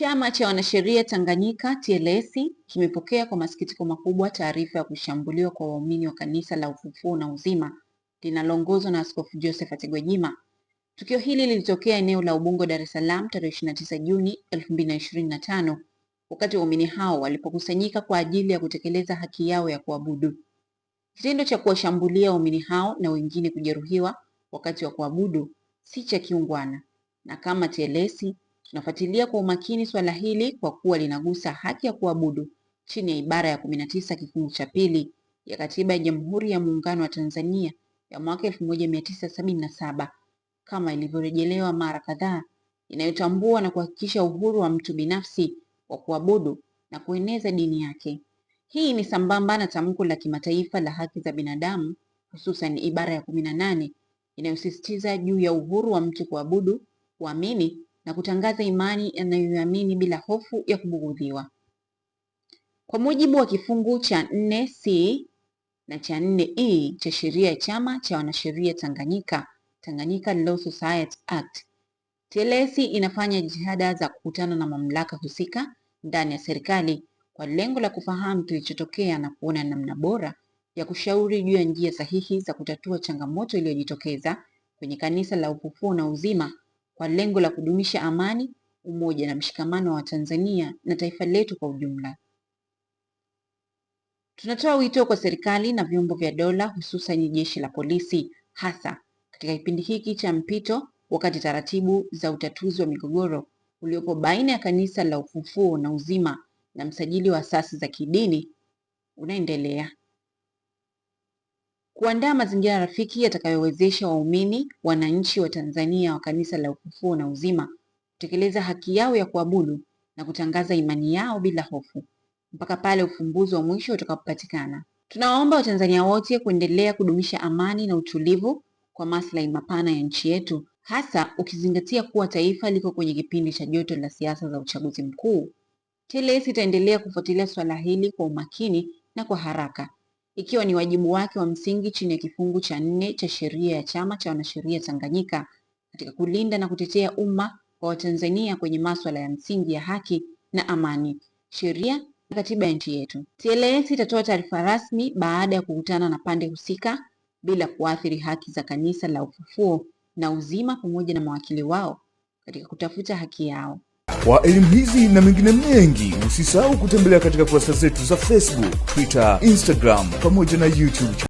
Chama cha Wanasheria Tanganyika TLS kimepokea kwa masikitiko makubwa taarifa ya kushambuliwa kwa waumini wa Kanisa la Ufufuo na Uzima linaloongozwa na Askofu Josephat Gwajima. Tukio hili lilitokea eneo la Ubungo, Dar es Salaam tarehe 29 Juni 2025 wakati waumini hao walipokusanyika kwa ajili ya kutekeleza haki yao ya kuabudu. Kitendo cha kuwashambulia waumini hao na wengine kujeruhiwa wakati wa kuabudu si cha kiungwana na kama TLS Tunafuatilia kwa umakini swala hili kwa kuwa linagusa haki ya kuabudu chini ya ibara ya 19 kifungu cha pili ya Katiba ya Jamhuri ya Muungano wa Tanzania ya mwaka 1977 kama ilivyorejelewa mara kadhaa, inayotambua na kuhakikisha uhuru wa mtu binafsi wa kuabudu na kueneza dini yake. Hii ni sambamba na tamko la kimataifa la haki za binadamu, hususan ibara ya 18 inayosisitiza juu ya uhuru wa mtu kuabudu, kuamini na kutangaza imani yanayoamini bila hofu ya kubugudhiwa Kwa mujibu wa kifungu cha 4C na cha 4E e cha sheria ya Chama cha Wanasheria Tanganyika, Tanganyika Law Society Act, telesi inafanya jitihada za kukutana na mamlaka husika ndani ya serikali kwa lengo la kufahamu kilichotokea na kuona namna bora ya kushauri juu ya njia sahihi za kutatua changamoto iliyojitokeza kwenye Kanisa la Ufufuo na Uzima kwa lengo la kudumisha amani, umoja na mshikamano wa Tanzania na taifa letu kwa ujumla. Tunatoa wito kwa serikali na vyombo vya dola hususan jeshi la polisi hasa katika kipindi hiki cha mpito wakati taratibu za utatuzi wa migogoro uliopo baina ya Kanisa la Ufufuo na Uzima na msajili wa asasi za kidini unaendelea kuandaa mazingira rafiki yatakayowezesha waumini wananchi wa Tanzania wa Kanisa la Ufufuo na Uzima kutekeleza haki yao ya kuabudu na kutangaza imani yao bila hofu mpaka pale ufumbuzi wa mwisho utakapopatikana. Tunawaomba Watanzania wote kuendelea kudumisha amani na utulivu kwa maslahi mapana ya nchi yetu, hasa ukizingatia kuwa taifa liko kwenye kipindi cha joto la siasa za uchaguzi mkuu. TLS itaendelea kufuatilia swala hili kwa umakini na kwa haraka ikiwa ni wajibu wake wa msingi chini ya kifungu cha nne cha sheria ya Chama cha Wanasheria Tanganyika katika kulinda na kutetea umma kwa Watanzania kwenye masuala ya msingi ya haki na amani, sheria na katiba ya nchi yetu. TLS itatoa taarifa rasmi baada ya kukutana na pande husika bila kuathiri haki za Kanisa la Ufufuo na Uzima pamoja na mawakili wao katika kutafuta haki yao. Kwa elimu hizi na mengine mengi Usisahau kutembelea katika kurasa zetu za Facebook, Twitter, Instagram pamoja na YouTube.